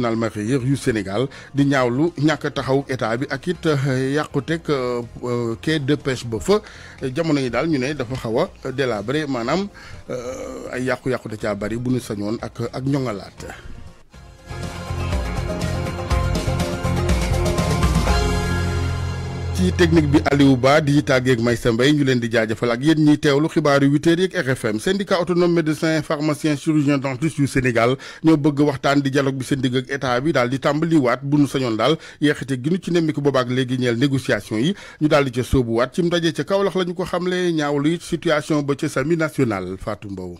naal tribunal mareyeur yu Sénégal di ñaawlu ñàkk taxawu état bi ak it euh, yàquteg euh, euh, quai de pêche ba fa jamono yi daal ñu ne dafa xaw a bari maanaam ay yàqu-yàqu da caa bari bu nu sañoon ak ak ñoŋalaat. ci technique bi Aliou Ba di may sa Mbaye ñu leen di jaajëfal ak yéen ñiy teewlu xibaaru 8h yeeg RFM syndicat autonome médecin pharmacien chirurgien dentiste yu Sénégal ñoo bëgg waxtaan di dialogue bi seen digg ak état bi daal di tàmbaliwaat bu sa sañoon daal yeexite gi nu ci nemmiku boobaak léegi ñeel négociation yi ñu daal di ca sóobuwaat waat mu daje ca Kaolack la ñu ko xamle ñaawlu it situation ba ca sami national faatu Mbow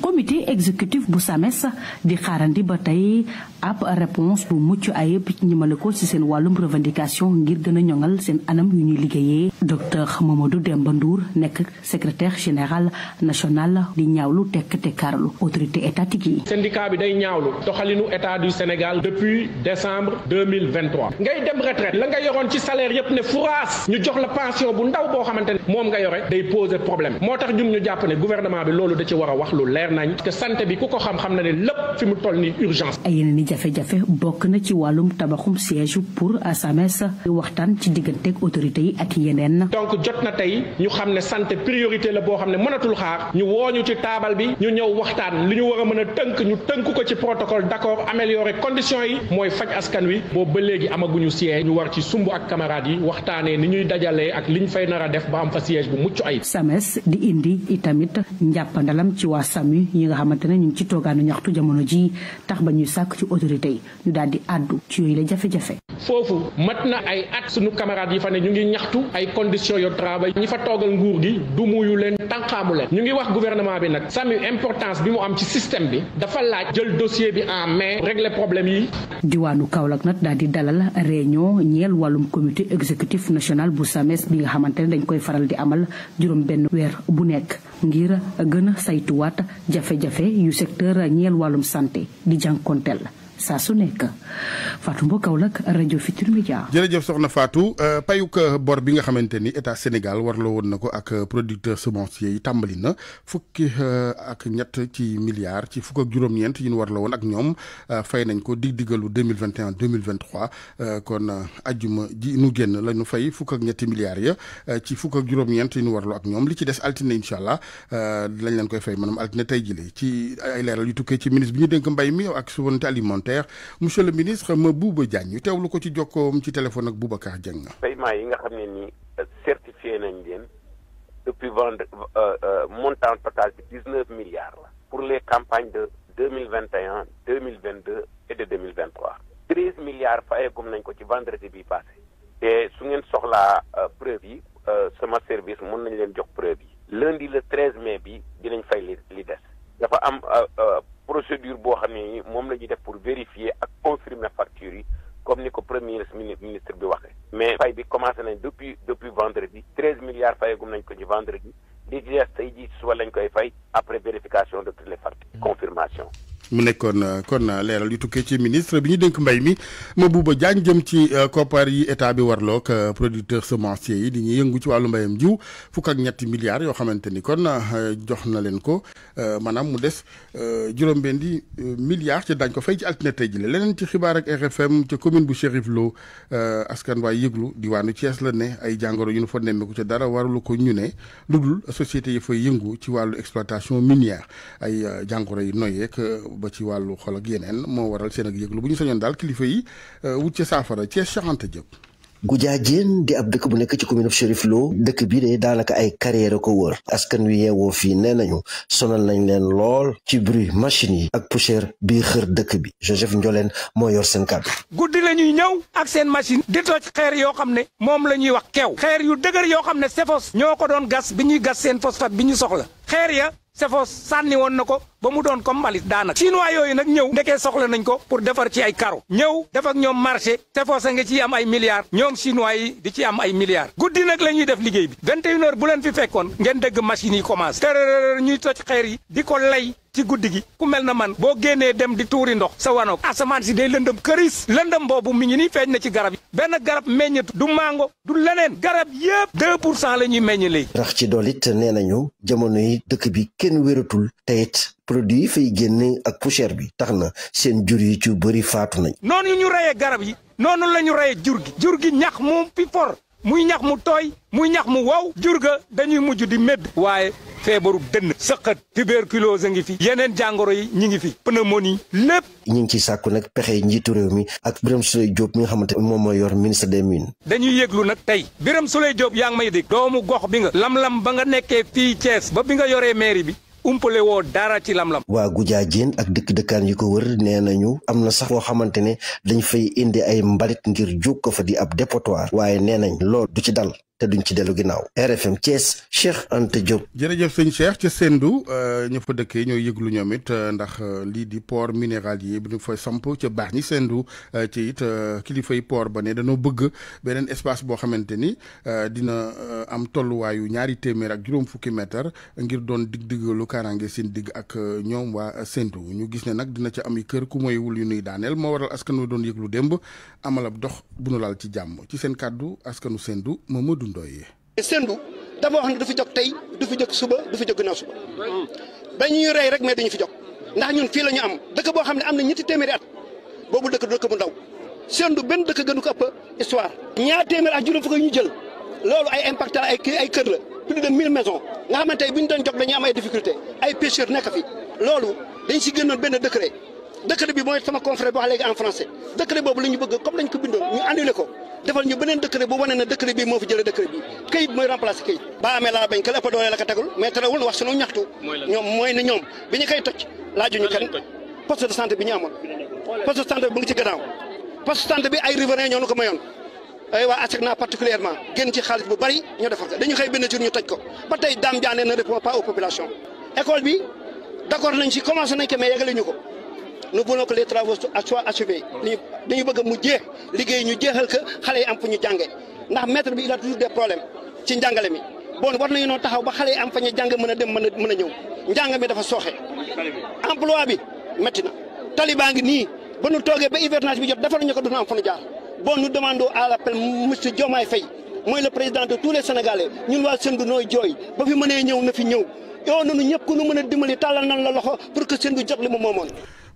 comité exécutif bu SAMES di xaarandi ba tey ab réponse bu mucc ayib ñimale ko ci seen wàllum revendication ngir gën a ñoŋal seen anam yu ñuy liggéeyee docteur Mamadou Demba Ndour nekk secrétaire général national di ñaawlu tekk tekkaarlu autorité étatique yi syndicat bi day ñaawlu doxalinu état du Sénégal depuis décembre 2023 ngay dem retraite la nga yoroon ci salaire yépp ne furaas ñu jox la pension bu ndaw boo xamante ne moom nga yore day poser moo tax ñun ñu jàpp ne gouvernement bi loolu da a wax lu leer nañ que santé bi ku ko xam-xam na ne i jafe-jafe bokk na ci wàllum tabaxum siège pour yi ak yeneen donc jot na tey ñu xam ne santé priorité la boo xam ne mënatul xaar ñu wooñu ci taabal bi ñu ñëw waxtaan li ñu war a mën a tënk ñu tënk ko ci protocole d'accord améliorer conditions yi mooy faj askan wi boobu ba léegi amaguñu siège ñu war ci sumb ak camarades yi waxtaanee ni ñuy dajalee ak liñ fay nar a def ba am fa siège bu mucc ayib SAMES di indi itamit njàppandalam ci waa SAMES wi yi nga xamante ne ñu ngi ci toogaanu ñaxtu jamono ji tax ba ñuy sàkk ci autorité ñu daal di àddu ci yooyu la jafe-jafe foofu mat na ay at suñu camarades yi fa ne ñu ngi ñaxtu ay conditions yo travail ñi fa toogal nguur gi dumuyu leen tànqaamu leen ñu ngi wax gouvernement bi nag sami importance bi mu am ci système bi dafa laaj jël dossier bi en main régler problème yi. diwaanu Kaolack nag daal di dalal réunion ñeel wàllum comité exécutif national bu SAMES bi nga xamante ne dañ koy faral di amal juróom benn weer bu nekk ngir gën a saytuwaat jafe-jafe yu secteur ñeel wàllum santé di jànkonteel. saa su nekk Fatou Mbow Kaolack rajo Futur Media. jërëjëf soxna Fatou euh, payuk euh, bor bi nga xamante ni état Sénégal warloo woon na ko ak euh, producteur semencier yi tàmbali na fukki ak ñett ci milliards ci fukk ak juróom-ñeent yi ñu warloo woon ak ñoom fay nañ ko dig digalu deux mille vingt et un deux mille vingt nu génn la ñu fay fukk ñetti milliards ya ci fukk ak juróom-ñeent yi ñu warloo ak ñoom li ci des altine incha allah lañ leen koy fay maanaam altine tey jii ci ay leeral yu tukkee ci ministre bi ñu dénk mbay mi ak souveraineté alimentaire parlementaire monsieur le ministre Mabouba Diagne ñu teewlu ko ci jokkoom ci téléphone ak Boubacar Dieng. paiement yi nga xam ne ni certifié nañ leen depuis vendre euh, euh, montant total de dix neuf milliards la. pour les campagnes de deux mille vingt et un deux mille vingt deux et de deux mille vingt trois. treize milliards fayagum nañ ko ci vendredi bi passé. te su ngeen soxlaa euh, preuve yi sama service mun nañ leen jox preuve yi. lundi le treize mai bi dinañ fay li li des. dafa am. procédure boo xam ne moom la ñuy def pour vérifier ak confirmer facture yi comme ni ko premier ministre bi waxee. mais fay bi commencé nañ depuis depuis vendredi treize milliards fayagum nañ ko ci vendredi di ci des tey jii suba lañ koy fay après vérification de toutes les factures mm. confirmation. mu nekkoon euh, kon euh, leeral yu tukkee ci ministre bi ñu dénk mbay mi ma Mabouba Diagne jëm ci euh, koppar yi état bi warloog producteur semencier yi di ñuy yëngu ci wàllu mbayam jiw fukk ak ñetti milliards yoo xamante ni kon jox na leen ko maanaam mu des juróom-benn di milliards ci dañ ko fay ci altine tey jile leneen ci xibaar ak RFM ca commune bu Chérif Lo askan waay yëglu diwaanu Thiès la ne ay jàngoro yu ñu fa nemmeeku ca dara warulu ko ñu ne lu dul société yi fay yëngu ci wàllu exploitation minière ay jàngoro yi noyeek ba ci wàllu xol ak yeneen moo waral seen ak yëglu bu ñu sañoon daal kilifa yi euh, wut saafara ci Cheikh Anta Diop di ab dëkk bu nekk ci commune bu Chérif Lo dëkk bii de daanaka ay carrière ko wër askan wi yeewoo fii nee nañu sonal nañ leen lool ci bruit machine yi ak poussière bii xër dëkk bi Joseph Ndiolen moo yor seen kàddu guddi la ñuy ñëw ak seen machine di toj xeer yoo xam ne moom la ñuy wax keew xeer yu dëgër yoo xam ne sefos ñoo ko doon gas Sefos sànni woon na ko ba mu doon comme mbalit daanaka chinois yooyu nag ñëw ndekee soxla nañ ko pour defar ci ay caro ñëw def ak ñoom marché Sefos a nga ciy am ay milliards ñoom chinois di ci am ay milliards guddi nag la ñuy def liggéey bi 21 heures bu leen fi fekkoon ngeen dëgg machines yi commencé tërërër ñuy toj xeer yi di ko lay ci guddi gi ku mel na man boo génnee dem di tuuri ndox sa wanoog asamaan si dey lëndëm këris lëndëm boobu mi ngi nii feeñ na ci garab yi benn garab meññatu du mango du leneen garab yëpp deux pour cent la ñuy meññ léegi rax ci dool it nee nañu jamono yi dëkk bi kenn wératul te it produit yi fay génne ak poussière bi tax na seen jur yi ci bëri faatu nañ noonu ñu reyee garab yi noonu la ñu reyee jur gi jur gi ñax moom pi for muy ñax mu tooy muy ñax mu wow jur ga dañuy mujj di médd waaye feebaru dënn sëqat tuberculose a ngi fi yeneen jàngoro yi ñi ngi fi a pneumonie lépp ñi ngi ci sàkku nag pexe njiitu réew mi ak Birame Souleye Diop mi nga xamante moom mooy yor ministre des mines dañuy yëglu nag tey biram Souleye Diop yaa ngi may dégg doomu gox bi nga lam-lam ba nga nekkee fii Thiès ba bi nga yoree mairie bi umpale woo dara ci lam-lam. waa Goudia Diène ak dëkk-dëkkaan yi ko wër nee nañu am na sax foo xamante ne dañ fay indi ay mbalit ngir jóg ko fa di ab dépotoir waaye nee nañ loolu du ci dal. te duñ ci dellu ginnaaw RFM Thiès Cheikh Anta Diop. jërëjëf sëñ Cheikh ca Sendou euh, ña fa dëkkee ñooy yëglu ñoom it euh, ndax euh, lii di port yi bi ñu fa samp ca baax ñi Sendou ci it kilifay port ba ne dañoo bëgg beneen espace boo xamante ni dina am tolluwaayu ñaari téeméer ak juróom fukki mètre ngir doon dig-digalu kaaraange seen digg ak ñoom waa Sendou ñu gis ne nag dina ca am kër ku mooy wul yu nuy daaneel moo waral askanu doon yëglu démb amalab dox bu nu laal ci jàm ci seen kàddu askanu Sendou Mamadou Ndoye Sendou dama wax ne du fi jóg tey du fi jóg suba du fi jóg gannaaw suba ba ñuy rey rek mais dañu fi jóg ndax ñun fii la ñu am dëkk boo xam ne am na ñetti téeméeri at boobu dëkk du dëkk bu ndaw Sendou benn dëkk gënu ko ëpp histoire ñaar téeméer ak juróom fukk ñu jël loolu ay impact la ay ay kër la plus de 1000 maisons nga xamante ne bu ñu doon jóg dañuy am ay difficulté ay pêcheurs nekk fi loolu dañ si gënoon benn décret décret bi mooy sama confrère bi wax léegi en français ko defal ñu beneen décret bu wane ne décret bii moo fi bi mooy remplacer kayit ba amee laa bañ ka la ëpp doole la ko tegul mais terewul wax sunu ñaxtu ñoom mooy ne ñoom bi ñu koy toj laajuñu kenn poste de santé bi ñu amoon poste de santé bi ay riverains ñoo ko mayoon ay waa ASECNA génn ci xaalis bu bari ñu defar ko dañu xëy benn jour ñu toj ko ba tey Dame Diané ne répond pas aux populations école bi d'accord nañ ci commencé nañ ko nous voulons que les travaux soient achevés li dañu bëgg mu jeex liggéey ñu jeexal que xale yi am fu ñu jànge ndax maître bi il a toujours des problèmes ci njàngale mi bon war nañu noo taxaw ba xale yi am fa ñu jàng mën a dem mën a mën a ñëw njàng mi dafa sooxe emploi bi métti na tali baa ngi nii ba nu toogee ba hivernage bi jot dafa ñu ko duna am fa nu jaar bon nous demandons à l'appel monsieur Diomaye Faye mooy le président de tous les Sénégalais ñun waa Sendou nooy jooy ba fi ñëw na fi ñëw yow noonu ñëpp ku mën a dimbali tàllal nan la loxo pour que Sendou jot li mu moomoon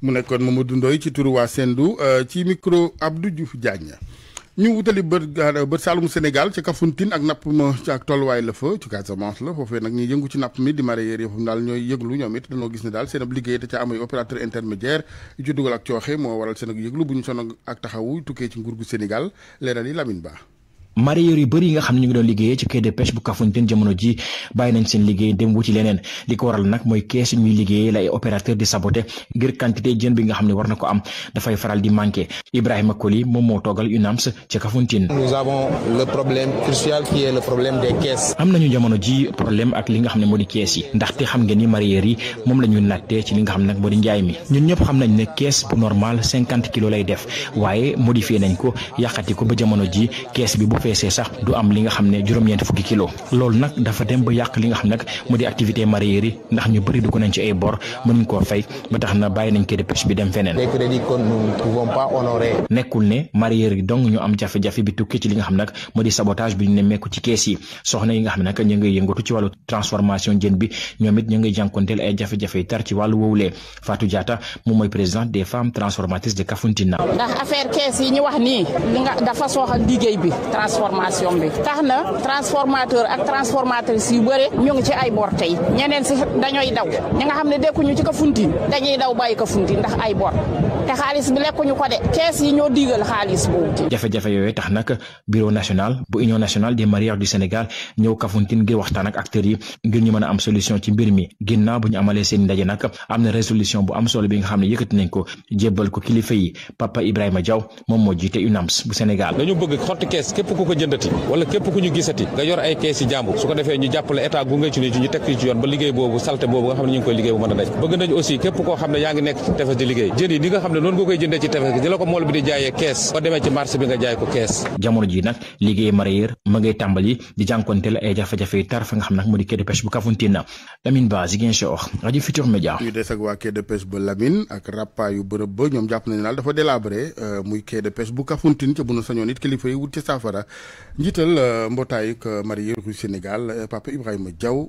mu nekkoon Mamadou Ndoye ci turu waa Sendou euh, ci micro Abdou Diouf Diagne ñu wutali bët euh, bët Saalum Sénégal ca Kafountine ak napp ma ci ak tolluwaay la fa ci Casamance la foofee nag ñu yëngu ci napp mi di mareyeur yi daal ñooy yëglu ñoom it dañoo gis ne daal seen ab liggéey te ca am ay opérateur intermédiaire yu ci dugal ak cooxe moo waral seen ak yëglu bu ñu sonn ak taxawu tukkee ci nguur gu Sénégal leeral yi Lamine Ba mareyeur yu bëri yi nga xam ne ñu ngi doon liggéeyee ci quai de pêche bu Kafountine jamono ji bàyyi nañ seen liggéey dem wuti leneen li ko waral nag mooy kees ñuy liggéeyee ngir quantité jën bi nga xam ne na ko am dafay faral di manqué Ibrahima Koli moom moo toogal UNAMS ci Kafountine. nous avons le problème crucial qui problème des caisses. am nañu jamono ji problème ak li nga xam ne moo di kees yi ndaxte xam ngeen ni mareyeur yi moom la ñu nattee ci li nga xam ne nag moo di njaay mi ñun ñëpp xam nañ ne kees bu normal cinquante kilos lay def waaye modifié nañ ko yàqati ko ba jamono ji kees bi bu feesee sax du am li nga xam ne juróom-ñeenti fukki kilo loolu nag dafa dem ba yàq li nga xam nag mu di activité mareyeur yi ndax ñu bëri dugg nañ ci nekkul ne mareyeur yi ñu am jafe-jafe bi tukki ci li nga xam nag mu di sabotage bi ñu ne mekku ci kees yi soxna yi nga xam ne nag ñu ngi yëngatu ci wàllu transformation jën bi ñoom it ñu ngi jànkonteel ay jafe-jafe yu tar ci wàllu woowulee Fatou Diatta moom mooy présidente des femmes transformatrices de Kafountine transformation bi tax na transformateur ak transformatrice yu bëre ñu ci ay bor tey ñeneen si dañooy daw ñi nga xam ne dekkuñu ci Kafountine dañuy daw bàyyi Kafountine ndax ay bor te xaalis bi lekkuñu ko de kees yi ñoo diigal xaalis boobu. jafe-jafe yooyu tax nag bureau national bu union national de mairies du Sénégal ñëw Kafountine ngir waxtaan ak acteurs yi ngir ñu mën am solution ci mbir mi ginnaaw bu ñu amalee seen ndaje nag am na résolution bu am solo bi nga ne yëkkati nañ ko jébbal ko kilifa yi Papa Ibrahima Diaw moo jiite UNAMS ku ko jëndati wala képp ku ñu gisati nga yor ay kees yi jàmbur su ko defee ñu jàppale état gunge ci ñu teg ci yoon ba liggéey boobu salte boobu nga xam ne ñu ngi koy liggéey bu mën a daj xam ne yaa ngi nekk liggéey jën yi ni nga xam ne noonu nga koy jaay ko kees jamono ji nag liggéey mareyeur ma tàmbali di jànkonte ay jafe-jafe yi tar nga xam nag mu di quai bu Kafountine na Lamine Ba Ziguinchor rajo Futur Média ñu des njiital euh, mbootaayu marié ru Sénégal euh, Papa Ibrahima Diaw.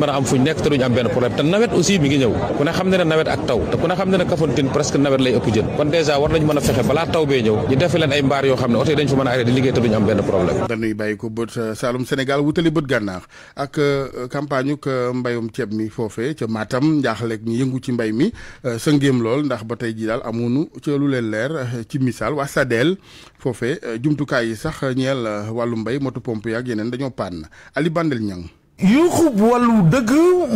danañ a am fuñ nekk te duñ am benn problème nawet aussi mi ngi ñëw ku ne xam ne ne nawet ak taw te ku ne xam ne ne Kafountine presque nawet lay ëpp jën kon a a arrêté di liggéey te dañuy bàyyi ko bët euh, Saalum Sénégal wutali bët gànnaar ak euh, campagne euh, mbayum ceeb mi foofe ca Matam njaaxleeg ñu yëngu ci mbay mi sa sëngéem lool ndax ba tey ji daal amuñu ci lu leen leer ci misaal waa Sadel foofe jumtukaay yi sax ñeel wàllu mbay moto pomp yaak yeneen dañoo pànn Ali Bandel Ñang yuuxu wallu dëgg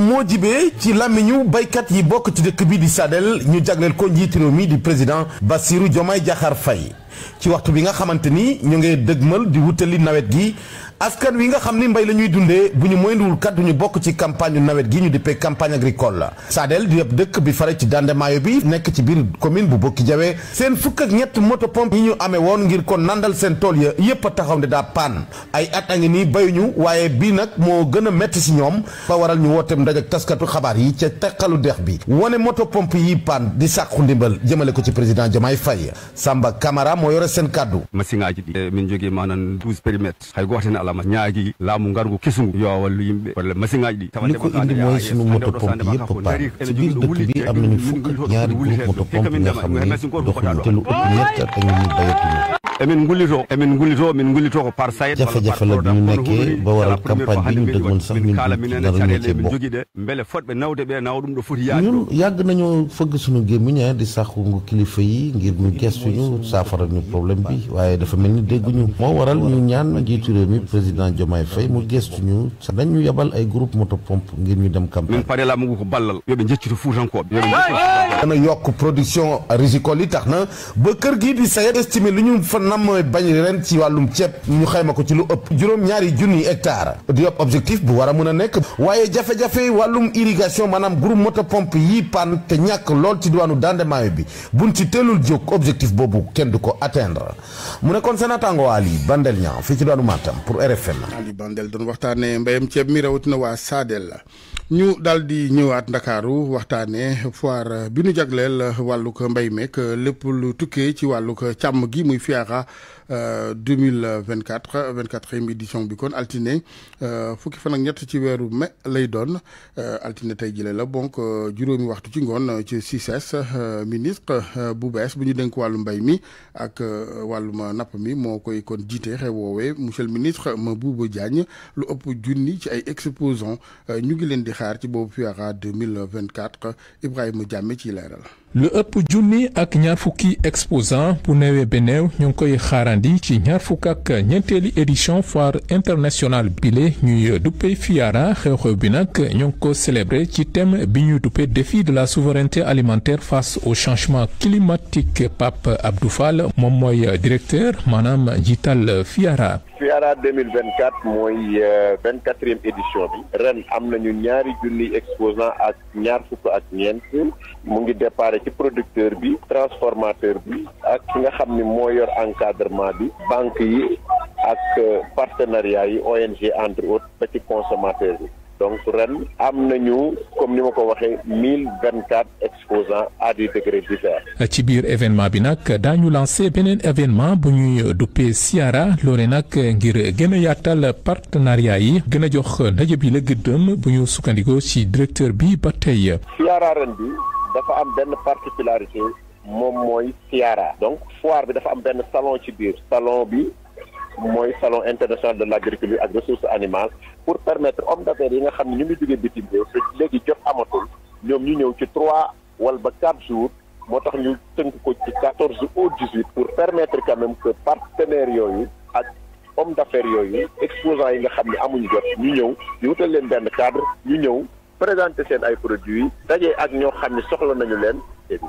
moo jibee ci làmmiñu baykat yi bokk ci dëkk bi di Sadel ñu jagleel ko njiitu réew mi di président Bassirou Diomaye Diakhar fay ci waxtu bi nga xamante ni ñu ngi dëgmal di wutali nawet gi askan wi nga xam ni mbay la ñuy dundee bu ñu moytuwul kat ñu bokk ci campagne nawet gi ñu dippee campagne agricole la. Sadel di ab dëkk bi fare ci Dandemaayo bi nekk ci biir commune bu Bokki Jawe seen fukk ak ñett moto pompe yi ñu amee woon ngir ko nandal seen tool ya yëpp a taxaw ne daa paan ay at a ngi nii bayuñu waaye bii nag moo gën a métti si ñoom ba waral ñu wooteem ndaje taskatu xabaar yi ca teqalu dex bi wane moto pompe yi paan di sàqu ndimbal jëmale ko ci président Diomaye Faye Samba moo yore seen kaddu masiŋaji ɗi eh, min jogui manan 12 périmètre hay goto hen alama ñaagui laamu ngargu kesugu yo wallu yimɓe walla ɗi li ko indi mooy sunu moto pompe yëpp paar ci biir bi am nañu fukk ñaari groupe moto pompe nga xam ne dox na te lu ëpp ñett dañu ñu jafe-jafe la bi ñu nekkee ba waral campagne bi ñu dëggoon sax ñun ci ñun yàgg nañoo fëgg suñu gémmiñ ah, di sàqu kilifa yi ngir ñu gestuñu saafara ñu problème bi waaye dafa mel ni dégguñu moo waral ñu ñaan njiitu réew mi président Diomaye Faye mu gestuñu sax dañ ñu yebal ay groupe moto pompe ngir ñu dem campagne. dana yokk production rizicole yi tax na ba kër gii di sayet estimé lu ñu fan mooy bañ ren ci wàllum ceeb ñu xayma ko ci lu ëpp juróom ñaari junni hectare di yop objectif bu war a mën a nekk waaye jafe-jafe wàllum irrigation maanaam groupe moto pompe yi pan te ñàkk lool ci diwaanu Dandemayo bi buñ ci teelul jóg objectif boobu kenn du ko atteindre mu nekkoon seen atango Ali bandeel ñaa fii ci diwaanu Matam pour RFM Ali Bandel doon waxtaanee mbéyam ceeb mi rawatina waa Sadel la ñu daal di ñëwaat ndakaaru waxtaane foire bi nu jagleel wàllug mbay meek lépp lu tukkee ci wàllug càmm gi muy FIARA Euh, deux mille vingt quatre vingt quatrième édition bi kon altine euh, fukki fan ak ñett ci weeru mai lay doon euh, altine tey jile la bonk juróomi waxtu ci ngoon ci CICES ministre bu bees bu ñu denk wàllu mbay mi ak wàllu wàllum napp mi moo koy kon jiite xew woowee monsieur le ministre Mabouba Diagne lu ëpp junni ci ay exposants ñu ngi leen di xaar ci boobu FIARA deux mille vingt quatre Ibrahima Diame ci leeral. lu ëpp junni ak ñaar fukki exposant bu bi beneew ñoo ngi koy xaarandi ci ñaar fukk ak ñeenteeli édition foire internationale bile ñuy duppe FIARA xew-xew bi nag ñoo ngi ko célébré ci thème bi ñuy duppe défi de la souveraineté alimentaire face au changement climatique Pape Abdou Fall moom mooy directeur maanaam njiital FIARA. FIARA 2024 mooy euh, vingt quatrième édition bi ren am nañu ñaari junni exposant ak ñaar ak ñeent mu ngi départ ci producteur bi transformateur bi ak ki nga xam ni moo yor encadrement bi banque yi ak euh, partenariat yi ONG entre autres ba ci consommateur bi donc ren am nañu comme ni ma ko waxee mille vingt quatre exposants à des degrés divers. ci biir événement bi nag daañu lancé beneen événement bu ñuy duppee siara loole nag ngir gën a yaatal partenariat yi gën a jox ndaje bi la gëddëm bu ñu sukkandikoo ci directeur bi ba tey. siara ren bi. dafa am benn particularité moom mooy siyaara donc foire bi dafa am benn salon ci biir salon bi mooy salon international de l' agriculture ak ressources animales pour permettre homme d'affaires yi nga xam ne ñu ngi jógee bitim réew te léegi jot amatul ñoom ñu ñëw ci trois wala ba quatre jours moo tax ñu tënk ko ci quatorze au dix pour permettre quand même que partenaires yooyu ak homme d'affaires yooyu exposants yi nga xam ni amuñu jot ñu ñëw ñu wutal leen benn cadre ñu ñëw présenté seen ay produits dajee ak ñoo xam ne soxla nañu leen.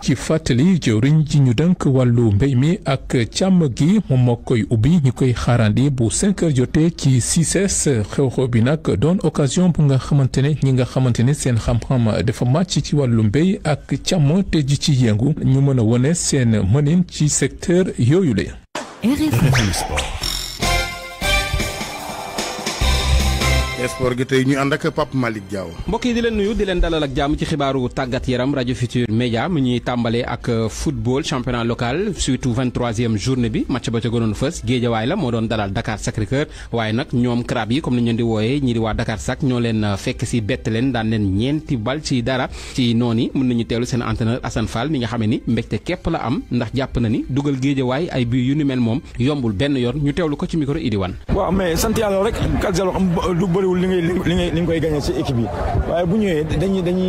ci fàttali jëwriñ ji ñu dënk wàllu mbéy mi ak càmm gi moom moo koy ubbi ñu koy xaarandi bu 5 heures jotee ci 6S xew-xew bi nag doon occasion bu nga xamante ne ñi nga xamante ne seen xam-xam dafa màcc ci wàllu mbéy ak càmm te ji ci yëngu ñu mën a wone seen mënin ci secteur yooyu la. sport gi tey ñu ànd ak Pape Malick Diaw. mbokk yi di leen nuyu di leen dalal ak jàmm ci xibaaru tàggat yaram rajo Futur Média mu ñuy tàmbalee ak football championnat local surtout 23e journée bi match ba ca gënoon fës géejawaay la moo doon dalal Dakar Sacré-Cœur waaye nag ñoom crab yi comme ni ñu leen di wooyee ñii di waa Dakar Sac ñoo leen euh, fekk si bett leen daan leen ñeenti bal ci dara ci noonu mën nañu teelu seen entraîneur Assane Fall mi nga xam yoon ñu teewlu ko ci micro Idi Wan. bëriwul li ngay nga koy gagné ci équipe yi waaye bu ñëwee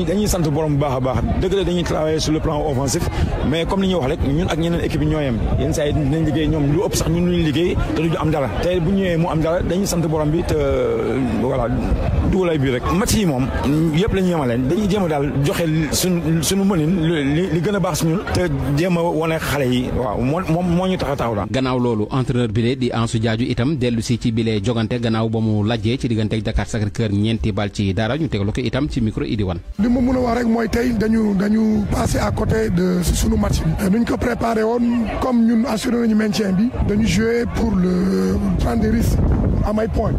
dañuy sant borom bu baax a baax dëgg la dañuy travailler sur le plan offensif mais comme ni ñuy wax rek ñun ak ñeneen équipe yi ñoo yenn saa yi dinañ liggéey ñoom lu ëpp sax ñun luñu liggéey te duñu am dara te bu ñëwee mu am dara dañuy sant borom bi te euh, voilà dugalay bi rek match yi moom yëpp la ñu yemaleen dañuy jéem a daal joxe suñu suñu mënin li li gën a baax si ñun te jéem a wane xale yi waaw moo moom moo ñu tax a taxaw daal gannaaw loolu entraîneur bi di Ansu Jaaju itam dellu si ci bile jogante gannaaw ba mu lajjee ci diggante Dakar Sacré-Cœur ñeenti bal ci dara ñu tegaloo ko itam ci micro Idi Wan. li ma mën a wax rek mooy tey dañu dañu passé à côté de suñu match bi. nuñ ko préparer woon comme ñun assuré nañu maintien bi dañu joué pour le prendre des risques am ay points.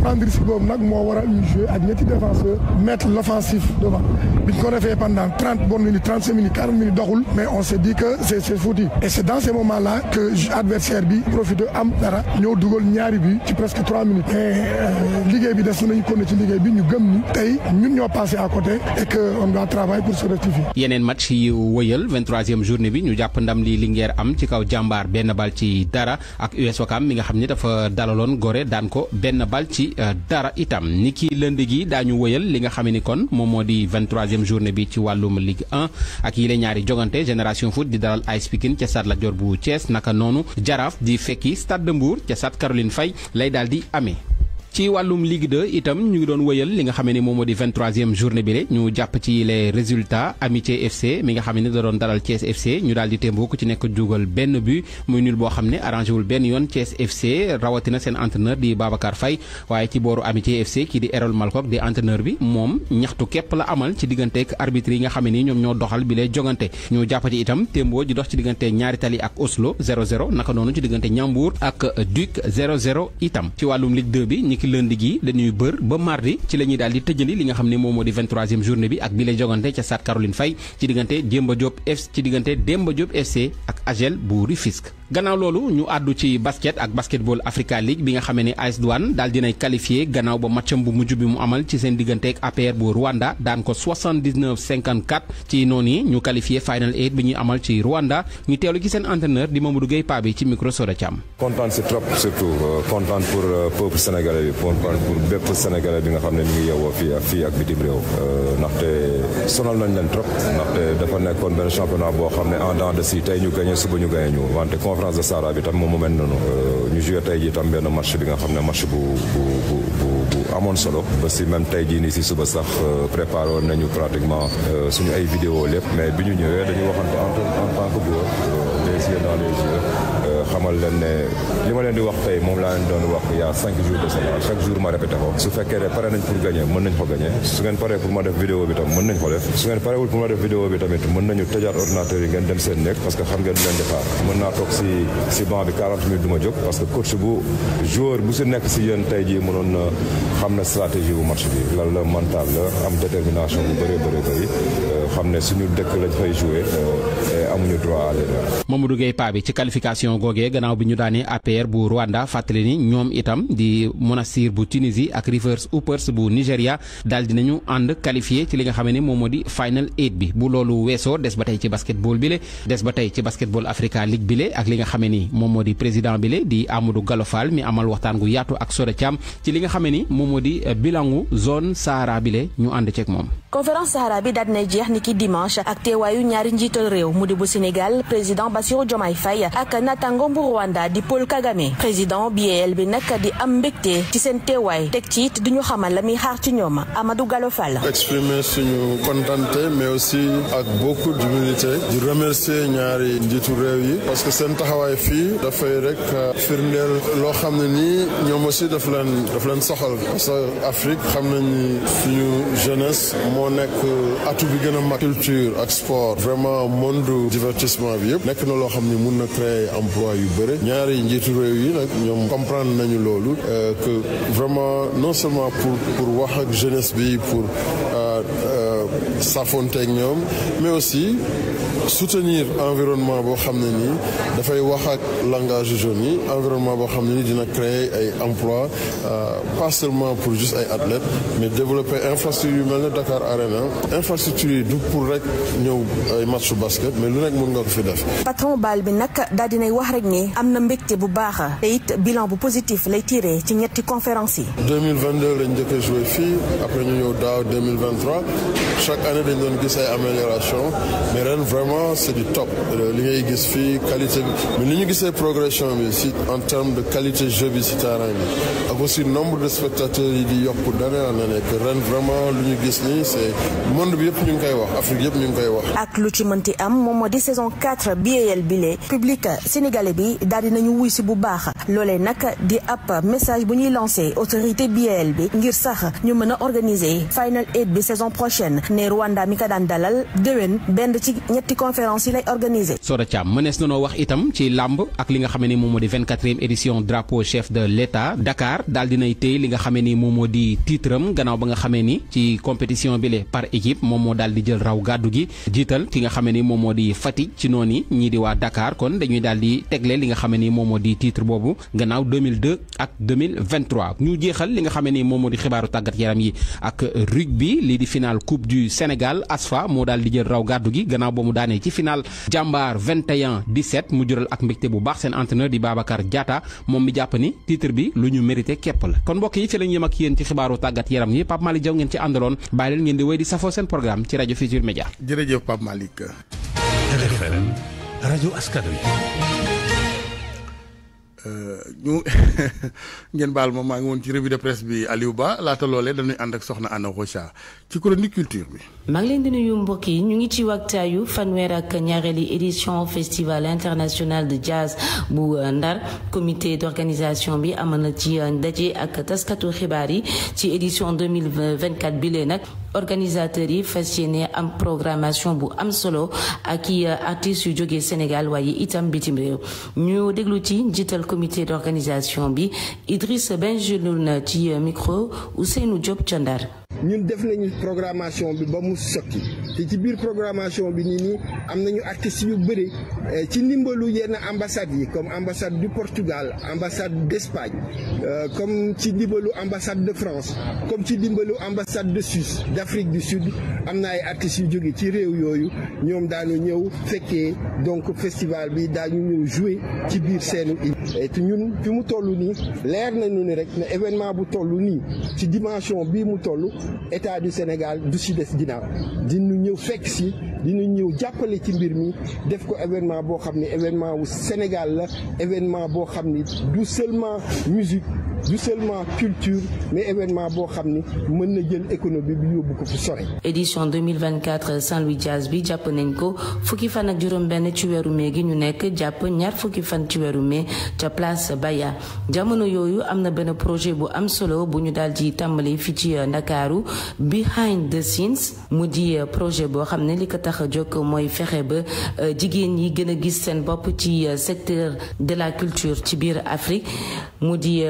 prendre risque boobu nag moo waral ñu jouer ak ñetti défenseur mettre l'offensif devant bi ñu ko defee pendant trente bonnes minutes trente cinq minutes quarante minutes doxul mais on s'est dit que c'est c'est foutu et c'est dans ces moments que adversaire bi profité am dara ñoo dugal ñaari bi ci presque trois minutes mais euh, liggéey bi des nañu continuer ci liggéey bi ñu gëm ni tey ñun ñoo passé à côté et que on doit travailler pour se rectifier. yeneen match yu wëyal vingt bi ñu jàpp ndam lii Linguère am ci kaw jàmbaar benn bal ci dara ak US Ouakam nga xam ni dafa dalaloon Gorée daan ko benn bal ci euh, dara itam ni ki lënd gi daañu wëyal li nga xam ni kon moom moo di 23e journée bi ci wàllum Ligue 1 ak yile ñaari jogante Génération Foot di dalal AS Pikine ca Stade Lat Dior bu Thiès naka noonu Jaraaf di fekki Stade de Mbour ca Stade Caroline Faye lay daal di amee ci wàllum Ligue 2 itam ñu ngi doon wëyal li nga xam ne moom moo di 23e journée bi rek ñu jàpp ci les résultats Amitié FC mi nga xam ne da doon dalal Thiès FC ñu daal di témboo ku ci nekk jugal benn but muy nul boo xam ne arrangé wul benn yoon Thiès FC rawatina seen entraîneur di Babacar fay waaye ci booru Amitié FC kii di Erol Malcock di entraîneur bi moom ñaxtu képp la amal ci digganteeg arbitre yi nga xam ne nii ñoom ñoo doxal bi lay jogante ñu jàpp ci itam témboo ji dox ci diggante ñaari tali ak Oslo 0-0 naka noonu ci diggante Ñambour ak Duc 0-0 itam ci wàllum niki lundi gi dañuy bër ba mardi ci la ñuy daal di tëjandi li nga xam ne moom moo di 23e journée bi ak bi lay jogante ca Stade Caroline Faye ci diggante Demba Diop FC ci diggante Demba Diop FC ak Agel bu Rufisque gannaaw loolu ñu àddu ci basket ak basketball Africa League bi nga xamee ne AS Douane daal dinay qualifié gannaaw ba matcham bu mujj bi mu amal ci seen digganteeg APR bu Rwanda daan ko 79 54 ci noonu yi ñu qualifié final 8 bi ñuy amal ci Rwanda ñu teelu ci seen entraîneur di Mamadou Gueye Paa bi ci micro Soda Thiam. kontaan si trop surtout euh, kontaan pour euh, peuple sénégalais bi kontaan pour bépp sénégalais bi nga xam ne mi ngi yeewoo fii ak fii ak bitim réew euh, ndaxte sonal nañ leen trop ndaxte dafa nekkoon benn boo xam ne en dents de scie tey ñu conférence de Sahara bi tam moom mu mel noonu euh, ñu joué tey jii tam benn match bi nga xam ne match bu bu amoon solo ba si même tey jii nii si suba sax euh, préparé woon nañu pratiquement euh, suñu ay vidéo lépp mais bi ñu ñëwee dañu waxante en tant que joueur les yeux dans les yeux xamal leen ne li ma leen di wax tey moom laa leen doon wax y cinq jours de cela chaque jour ma répété ko su fekkee ne pare nañ pour gagner mën nañ ko gagner su ngeen paree pour ma def vidéo bi tam mën nañ ko def su ngeen parewul pour ma def vidéo bi tamit mën nañu tëjaat ordinateur yi ngeen dem seen nekk parce que xam ngeen leen di xaar mën naa toog si si banc bi 40 minutes du ma jóg parce que coach bu joueur bu si nekk si yéen tey jii noon na xam na stratégie bu match bi lan la mental la am détermination bu bëree bëri bëri euh, xam ne suñu dëkk lañ fay jouer euh, amuñu droit à l'erreur. Mamadou Gueye paa bi ci qualification googee gannaaw bi ñu daanee APR bu Rwanda fàttali ni ñoom itam di Monastir bu Tunisie ak Rivers Hoopers bu Nigéria daal dinañu ànd qualifié ci li nga xam ne moom moo di final eight bi bu loolu weesoo des ba tey ci basketball bile des ba tey ci basketball Africa League bile ak li nga xam ni moom moo di président bile di Amadou Gallo mi amal waxtaan gu yaatu ak Soda Thiam ci li nga xam ni moom di bilangu zone Sahara ñu ànd ceeg moom. conférence Sahara bu Sénégal président Bassirou Diomaye Faye ak natango Rwanda di Paul Kagame président BAL bi nag di am mbégte ci seen teewaay teg ci it duñu xamal la muy xaar ci ñoom Amadou Gallo Fall. exprimer suñu contenté mais aussi ak beaucoup d'humilité di remercier ñaari njiitu réew yi parce que seen taxawaay fii dafay rek euh, firndeel loo xam ne ni ñoom aussi daf leen daf leen soxal parce que Afrique xam na ni suñu jeunesse moo nekk euh, atu bi gën a mag culture ak sport vraiment divertissement bi yëpp nekk na loo xam ni mun na créer emploi yu bëre ñaari njiitu réew yi nag ñoom comprendre nañu loolu euh, vraiment non seulement pour pour wax ak jeunesse bi pour euh, euh, safonteeg ñoom mais aussi soutenir environnement boo xam ne nii dafay wax ak langage jeune yi environnement boo xam ne nii dina créer ay emploi euh, pas seulement pour juste ay athlètes mais développer infrastructure yu mel ne Dakar Arena infrastructure yi du pour rek ñëw ay match basket mais lu rek mën nga ko fi def. patron bal bi nag daal dinay wax rek ni am na mbégte bu baax a it bilan bu positif lay tiré ci ñetti conférence yi. 2022 lañ njëkk a joué fii après ñu ñëw daaw 2023 chaque année dañ doon gis ay amélioration mais ren vraiment. vraiment c'est du top li ngay gis fii qualité bi mais ni ñu gisee progression bi si en termes de qualité jeu bi si terrain bi ak aussi nombre de spectateurs yi di yokk d'année en année que ren vraiment lu ñu gis nii c'est monde bi yëpp ñu ngi koy wax Afrique yëpp ñu ngi koy wax. ak lu ci mënti am moom moo di saison 4 BAL bile public sénégalais bi daal di nañu wuy si bu baax loole nag di ab message bu ñuy lancé autorité BAL bi ngir sax ñu mën a organiser final eight bi saison prochaine ne Rwanda mi daan dalal conférence yi lay mënees na wax itam ci làmb ak li nga xam ne moom moo di 24e édition drapeau chef de l'État Dakar daal dinay téye li nga xam ne moom moo di titre am gannaaw ba nga xamee ni ci compétition bi le par équipe moom moo daal di jël raw gàddu gi jiital ki nga xam ni moom moo di Fatick ci noonu ñii di waa Dakar kon dañuy daal di tegle li nga xam ni moom moo di titre boobu gannaaw 2002 ak 2023 ñu jeexal li nga xam ni moom moo di xibaaru tàggat yaram yi ak lii di final coupe du Sénégal ASFA moo daal di raw gàddu gi daane ci final jàmbaar mu jural ak mbégte bu baax seen entraîneur di Babacar Diatta moom mi jàpp ni titre bi lu ñu mérité képp la kon mbokk yi fi lañ ak yéen ci xibaaru tàggat yaram yi Pape Malick Diaw ngeen ci àndaloon bàyyi leen ngeen di wéy di safoo seen programme ci rajo Futurs Médias. Euh, ñu ngeen baal ma maa ngi woon ci revue de presse bi Aliou Ba laata loolee dañuy ànd ak soxna Anna Rocha ci chronique culture bi. maa ngi leen di nuyu mbokk yi ñu ngi ci waxtaayu fanweer ak ñaareeli édition festival international de jazz bu euh, Ndar comité d'organisation bi amoon na ci euh, ndaje ak taskatu xibaar yi ci édition deux mille vingt-quatre bi nag. organisateurs yi fas yéene am programmation bu am solo ak i euh, artistes yu jógee Sénégal waaye itam bitim réew ñu déglu ci njiital comité d'organisation bi Idriss Benjeloun ci euh, micro Ousseynou Diop ca Ndar ñun def nañu programmation bi ba mu sotti te ci biir programmation bi nii am nañu artistes yu bëri eh, ci ndimbalu yenn ambassades yi comme ambassade du Portugal ambassade d'Espagne euh, comme ci ndimbalu ambassade de France comme ci ndimbalu ambassade de Suisse d'Afrique du Sud am na ay artistes yu jóge ci réew yooyu ñoom daanu ñëw fekkee donc festival bi daañu ñëw jouer ci biir seenu i te ñun fi mu toll nii leer nañu ni rek ne événement bu toll nii ci dimension bii mu toll état du Sénégal du si des ginnaaw dinu ñëw fekk si dinu ñëw jàppale ci mbir mi def ko événement boo xam ne événement wu Sénégal la événement boo xam ni du seulement musique du culture mais événement boo xam ni mën na jël économie bi yóbbu ko fu sore. édition 2024 Saint-Louis bi jàpp nañ ko fukki fan ak juróom-benn ci weeru mai gi ñu nekk jàpp ñaar fukki fan ci weeru mais ca place Baya jamono yooyu am na benn projet bu am solo bu ñu daal di tàmbali fii ci euh, Ndakaaru behind the scenes mu di euh, projet boo xam ne li ko tax a jóg mooy fexe ba euh, jigéen yi gën a gis seen bopp ci secteur de la culture ci biir Afrique mu di.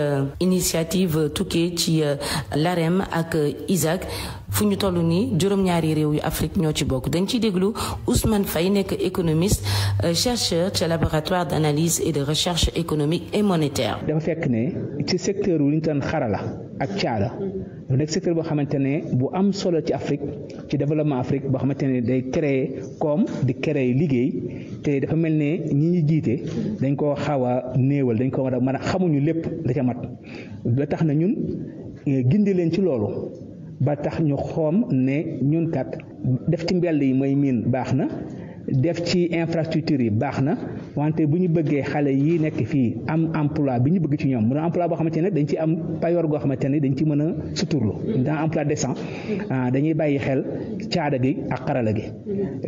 initiative tukkee ci euh, l'AREM ak euh, ISAC fu ñu toll nii juróom-ñaari réew yu Afrique ñoo ci bokk dañ ciy déglu Ousmane fay nekk économiste euh, chercheur ca laboratoire d'analyse et de recherche économique et monétaire. dafa fekk ne ci secteur wu ñu tan xarala ak caala bu nekk secteur boo xamante ne bu am solo ci Afrique ci développement Afrique boo xamante ne day créer koom di créer liggéey te dafa mel ne ñi ñuy jiite dañ koo xaw a néewal dañ ko war a mën a xamuñu lépp da ca mat ba tax na ñun eh, gindi leen ci loolu ba tax ñu xoom ne ñun kat def ci mbel yi mooy miin baax na def ci infrastructure yi baax na wante bu ñu bëggee xale yi nekk fii am emploi bi ñu bëgg ci ñoom mu ne emploi boo xamante ne dañ ci am payoor goo xamante ne dañ ci mën a suturlu dans emploi décent ah, dañuy bàyyi xel caada gi ak xarala gi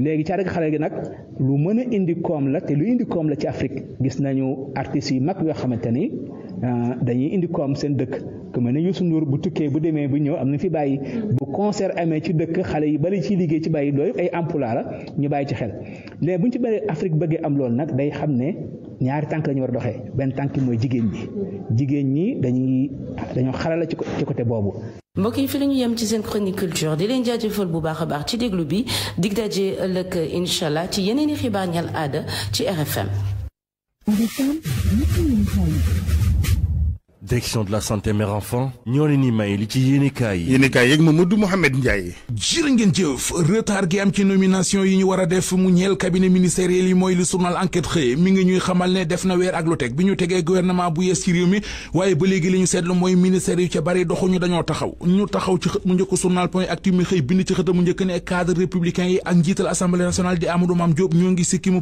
léegi caada gi xarala gi nag lu mën a indi koom la te lu indi koom la ci Afrique gis nañu artistes yu mag yoo xamante ni Euh, dañuy indi ko seen dëkk ku mel ne Youssou Ndour bu tukkee bu demee bu ñëw am na fi bàyyi mm. bu concert amee ci dëkk xale yi bari ciy liggéey ci bàyyi dooy ay emploi la ñu bàyyi ci xel léegi bu ñu ci bëree Afrique bëggee am lool nag day xam ne ñaari tànk la ñu war a doxee benn tànk mooy jigéen ñi mm. jigéen ñi dañuy dañoo xarala ci ko ci côté boobu. mbokk yi fi lañu ñu yem ci seen chronique culture di leen jaajëfal bu baax a baax ci déglu bi dig daje ëllëg incha ci yeneen i xibaar ñal aada ci RFM. direction de la santé mère enfant ñoo leen ni may li ci yéenekaay yi yéenekaay yeeg Mamadou Mouhamed Ndiaye ngeen jëf retard gi am ci nomination yi ñu war a def mu ñeel cabinet ministériel yi mooy li journal enquête xëye mi ngi ñuy xamal ne def na weer ak lu teg bi ñu tegee gouvernement bu yees ci réew mi waaye ba léegi li ñu seetlu mooy ministère yu ca bari doxuñu dañoo taxaw ñu taxaw ci xët mu njëkk journal point actu mi xëy bind ci xët mu njëkk ne cadre républicain yi ak ñoo ngi sikki mu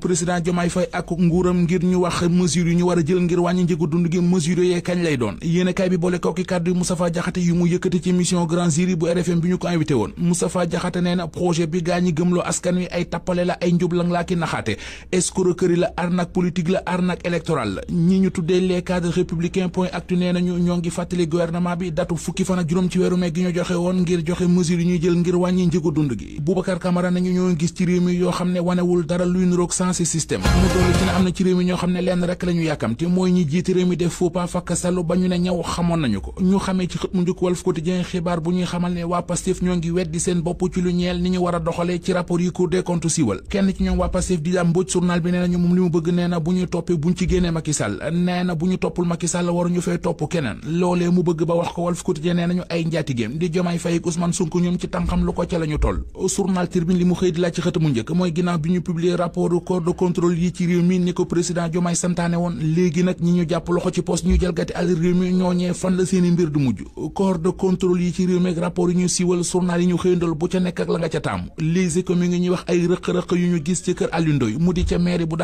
ngir ñu wax ñu war jël ngir wàññi njëgu dund gi mesures lay doon yoon yéenekaay bi boole kooki kàddu Moustapha Diakhaté yu mu yëkkati ci émission Grand Jury bu RFM bi ñu ko invité woon Moustapha Diakhaté nee projet bi gaa gëmloo askan wi ay tappale la ay njublang laa ki naxaate escroquerie la arnaque politique la arnaque électorale la ñi ñu tuddee les cadres républicains point actu nee nañu ñoo ngi fàttali gouvernement bi datu fukki fan juróom ci weeru mai ñu joxe woon ngir joxe mesures yi ñuy jël ngir wàññi njëgu dund gi Boubacar ñu ne ñaw xamoon nañu ko ñu xamee ci xët njëkk xibaar bu ñuy xamal ne waa Pastef ñoo ngi weddi seen bopp ci lu ñeel ni ñu war a doxalee ci rapport yi Cour de contrôle yi ci réew mi ni ko président Diomaye santaane woon léegi nag ñi ñu jàpp loxo ci poste ñu jalgati àll réew mi ñooñee fan la yu ñu gis ci kër Alioune Ndoye mu di ca mairie mi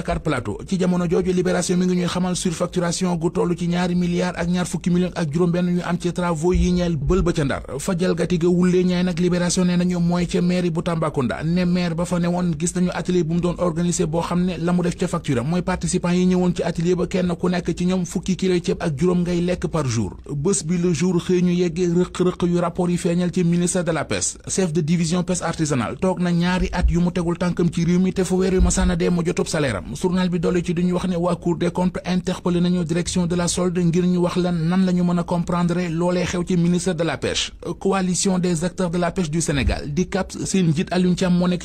ngi ñuy xamal surfacturation gu toll ci ñaari milliards ak ñaar fukki millions ak juróom-benn ñu am ci travaux yi ñeel bël ba ca ndar fa jalgati ga wullee ñaay nag libération nee nañu mooy ca mairie bu Tambacounda ne maire ba fa ne woon gis nañu atelier bu mu doon organisé boo xam ne la mu def ca facture mooy participants yi ñëwoon ci atelier ba kenn ku nekk ci ñoom fukki kilo ceeb ak juróom ngay lekk lekk bés bi le jour xëy ñu rëq-rëq yu rapport yi feeñal ci ministère de la pêche chef de division pêche artisanale toog na ñaari at yu mu tegul tànkam ci réew mi te fu weer yu masaana dee mu jotub salaire bi dolli ci duñu wax ne waa cour des comptes interpellé nañu direction de la solde ngir ñu wax lan nan la mën a comprendre loolee xew ci ministère de la pêche coalition des acteurs de la pêche du Sénégal di CAP seen njiit Alioune Thiam moo nekk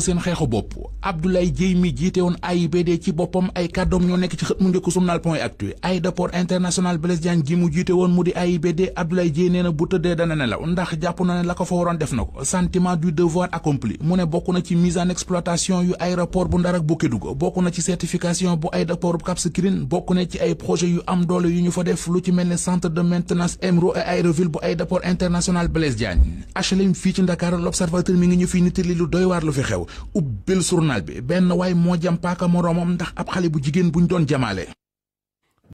ci seen xeexu bopp Abdoulaye Dièye mi jiite woon AIBD ci boppam ay kàddoom ñoo nekk ci xët mu njëkk sumnaal point actu aéroport international Blaise Diagne gi mu jiite woon mu di AIBD Abdoulaye Dièye nee na bu tëddee dana nelaw ndax jàpp na ne la ko fa waroon def na ko sentiment du devoir accompli mu ne bokk na ci mise en exploitation yu aéroport bu Ndar ak bu Kédougou bokk na ci certification bu aéroport bu Cap bokk na ci ay projet ubbil journal bi benn waay moo jam paaka moroomam ndax ab xale bu jigéen bu ñu doon jamaale